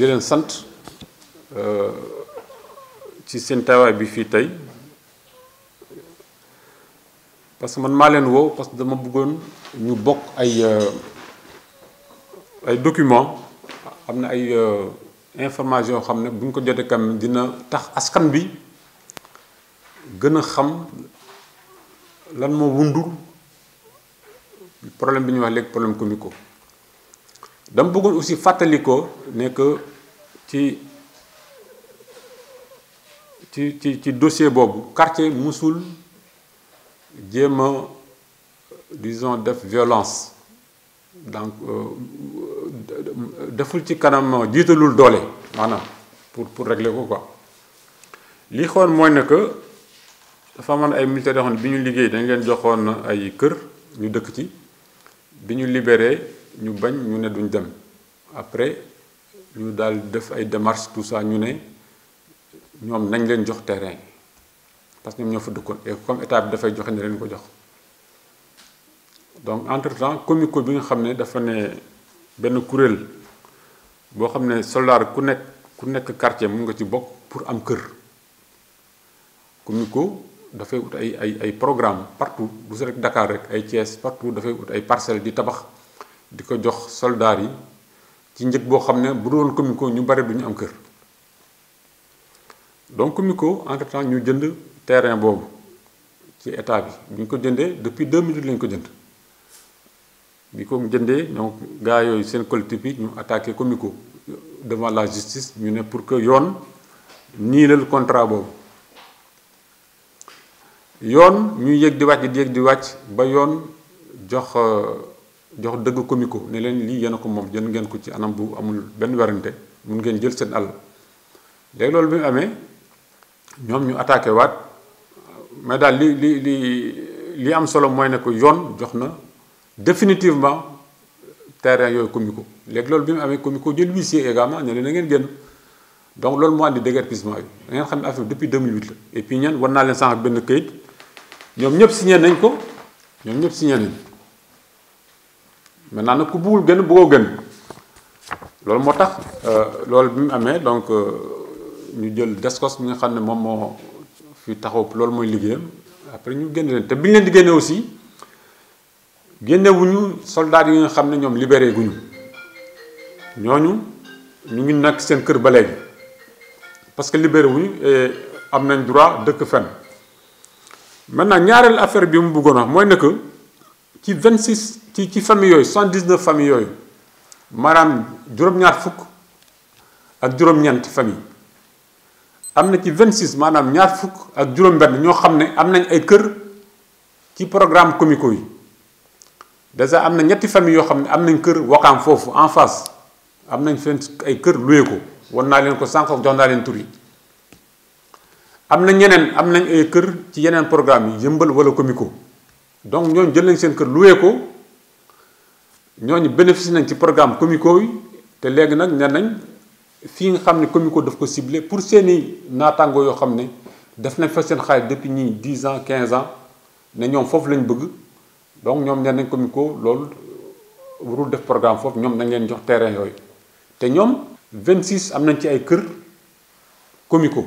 jëleen leen sant euh, ci seen taawaay bi fii tey parce que man maa leen woo parce que dama bëggoon ñu bokk ay euh, ay document am na ay euh, information yoo xam ne buñ ko jotee kam dina tax askan bi gën a xam lan moo wundul problème bi ñu wax léegi problème comico dama bëggoon aussi fàttali ko ne que ci ci ci ci dossier boobu quartier musul jéem a disons def violence donc euh, deful ci kanam jiitalul doole maanaam pour pour régler ko quoi li xoon mooy ne que dafa amoon ay militaires yoo ne bi ñu liggéey dañ leen joxoon ay kër ñu dëkk ci bi ñu libéré ñu bañ ñu ne duñu dem après ñu daal def ay démarches tout ça ñu ne ñoom nañ leen jox terrain parce que ñoom ñoo fa dëkkoon et comme état dafay joxe ne leen ko jox donc entre temps comico bi nga xam ne dafa ne benn kuréel boo xam ne soldat ku nekk ku nekk quartier mun nga ci bokk pour am kër comico dafay ut ay ay ay programme partout bu rek Dakar rek ay Thiès partout dafay ut ay parcelles di tabax di ko jox soldats yi ci njëg boo xam ne bu doon Comico ñu bari duñu am kër donc Comico entre temps ñu jënd terrain boobu ci état bi bi ñu ko jëndee depuis 2008 minutes ñu ko jënd bi ko jëndee donc gars yooyu seen collectif bi ñu attaqué Comico devant la justice ñu ne pour que yoon niilal contrat boobu yoon ñu yëg di wàcc di yëg di wàcc ba yoon jox euh, jox dëgg comico ne leen lii yéen a ko moom jël ngeen ko ci anam bu amul benn werante mun ngeen jël seen àll léegi loolu bi mu amee ñoom ñu attaqué waat mais daal li li li li am solo mooy ne ko yoon jox na définitivement terrain yooyu comico léegi loolu bi mu amee comico jël huissier également ne leen na ngeen génn donc loolu moo andi déguerpissement yi da ngeen xam ne affaire depuis 2008 la et puis ñan war naa leen sànq benn këyit ñom ñep signé nañ ko ñom ñep signé nañ maintenant nag ku buggul gën ko gën lool motax euh lool bimu amé donc euh, ñu jël descos bi nga xamné mom mo fi taxaw lool moy liggéeyam après ñu génne leen te bi ñu leen di génne aussi génnewuñu soldats yi nga xamné ñom libéré guñu ñoñu ñu ngi nag seen kër ba léegi parce que libéré wuñu am nañ droit dëkk fenn. maintenant ñaareel affaire bi mu bëggoon mooy ne que ci 26 ci ci famille yooyu 119 famille yooyu maanaam juróom-ñaar fukk ak juróom-ñeent famille am na ci vingt 26 maanaam ñaar fukk ak juróom-benn ñoo xam ne am nañ ay kër ci programme comico yi dèjà am na ñetti famille yoo xam ne am nañ kër wakaam foofu en face am nañ fenn ay kër luye ko wan naa leen ko sànq jox naa leen tur am na ñeneen am nañ ay kër ci yeneen programme yi yëmbal wala comico donc ñooñu jël nañ seen kër loué ko ñooñu bénéficie nañ ci programme comico yi te léegi nag ne nañ fii nga xam ne comico daf ko ciblé pour seeni naataango yoo xam ne def nañ fa seen xaalis depuis ñi 10 ans quinze ans ne ñoom foofu lañ bëgg donc ñoom nee nañ comico loolu warul def programme foofu ñoom nañ leen jox terrain yooyu te ñoom 26 am nañ ci ay kër comico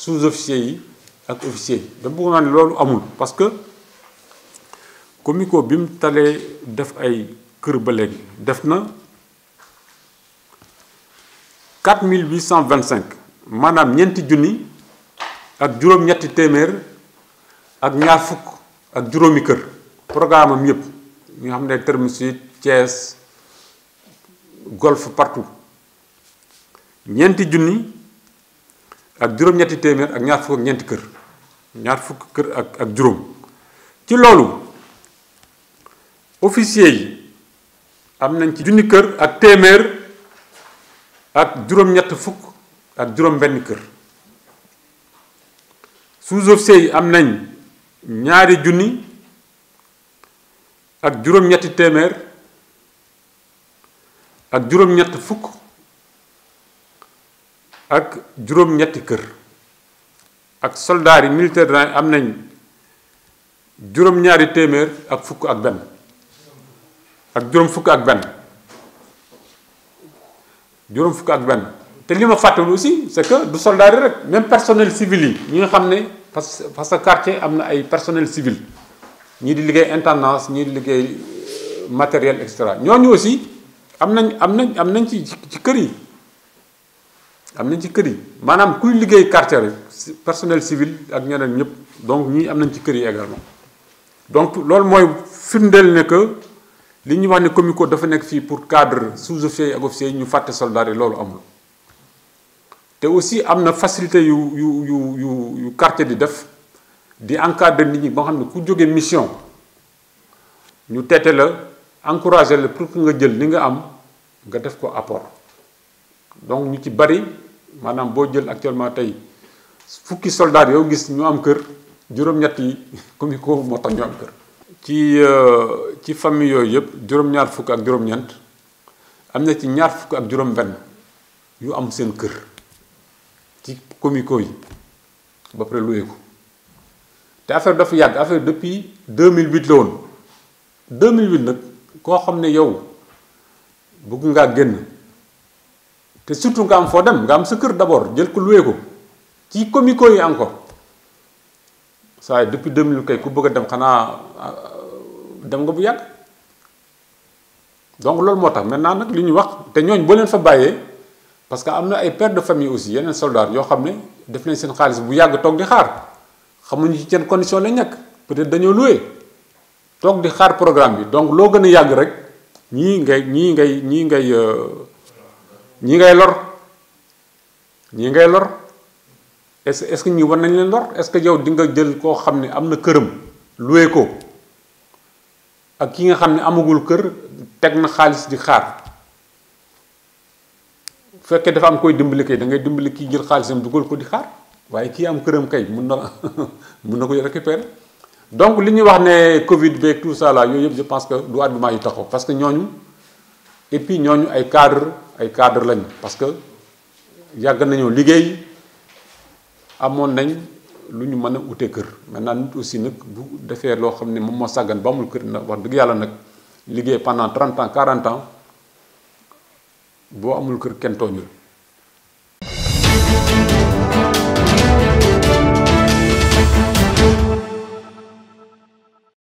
sous-officier yi ak officier yi dama bëgg naa ne amul parce que comico bim talé def ay kër ba léegi def na 4825 manam ñeenti Juni ak juroom ñetti témèr ak ñaar fukk ak juroomi kër programme am yépp ñu xam ne terme sud Thiès golf partout ñeenti Juni. ak juróom-ñetti téeméer ak ñaar fukk ak ñeenti kër ñaar fukk kër ak ak juróom ci loolu officier yi am nañ ci junni kër ak téeméer ak juróom-ñett fukk ak juróom-benn kër sous-officier yi am nañ ñaari junni ak juróom-ñetti téeméer ak juróom-ñett fukk. ak juróom-ñetti kër ak soldats yi militaire rang am nañ juróom-ñaari téeméer ak fukk ak benn ak juróom fukk ak benn juróom fukk ak benn te li ma fàtte aussi c'est que du soldats yi rek même personnel civil yi ñi nga xam ne parce parce que quartier am na ay personnel civil ñii di liggéey intendance ñii di liggéey matériel et cetera ñooñu aussi am nañ am nañ am nañ ci ci kër yi am nañ ci kër yi maanaam kuy liggéey quartier personnel civil ak ñeneen ñëpp donc ñii am nañ ci kër yi également donc loolu mooy firndeel ne que li ñuy wax ne comico dafa nekk fii pour cadre sous-officiers yi ak officiers yi ñu fàtte soldats yi loolu amul te aussi am na facilité yu yu yu yu yu quartier di def di encadrer nit ñi ba xam ne ku jóge mission ñu teete la encourager la pour que nga jël ni nga am nga def ko apport donc ñu ci bari maanaam boo jël actuellement tey fukki soldat yow gis ñu am kër juróom-ñett yi comme ko moo tax ñu am kër. Euh, ci famille yooyu yëpp juróom-ñaar fukk ak juróom-ñeent am na ci ñaar fukk ak juróom-benn yu am seen kër ci comico yi ba pare loué ko te affaire dafa yàgg affaire depuis 2008 la woon 2008 nag koo xam ne yow bëgg ngaa génn. te surtout nga am fo dem nga am sa kër d'abord jël ko loué ko ci comico yi encore saa depuis 2000 kay ku bëgg dem xanaa euh, dem nga bu yàgg donc loolu moo tax maintenant nag li ñu wax te ñooñ boo leen fa bàyyee parce que am na ay père de famille aussi yeneen soldat yoo xam ne def nañ seen xaalis bu yàgg toog di xaar xamuñu ci seen condition la nekk peut être dañoo loué toog di xaar programme bi donc loo gën a yàgg rek ñii ngay ñii ngay ñii ngay euh, ñi ngay lor ñi ngay lor est-ce est-ce que ñi war nañ leen lor est-ce que yow di nga jël koo xam ne am na këram luwe ko ak kii nga xam ne amagul kër teg na xaalis di xaar bu fekkee dafa am koy dimbali kay da ngay dimbali kii jël xaalisam dugal ko di xaar waaye kii am këram kay mun na mun na ko récupérer donc li ñuy wax ne Covid beeg tout ça là yooyu yëpp je pense que du argument yu taxaw parce que ñooñu. et puis ñooñu ay cadre ay cadre lañ parce que yàgg nañu liggéey amoon nañ lu ñu mën a ute kër maintenant nit aussi nag bu defee loo xam ne moom moo sàggan ba amul kër na wax dëgg yàlla nag liggéey pendant 30 ans 40 ans boo amul kër kenn tooñul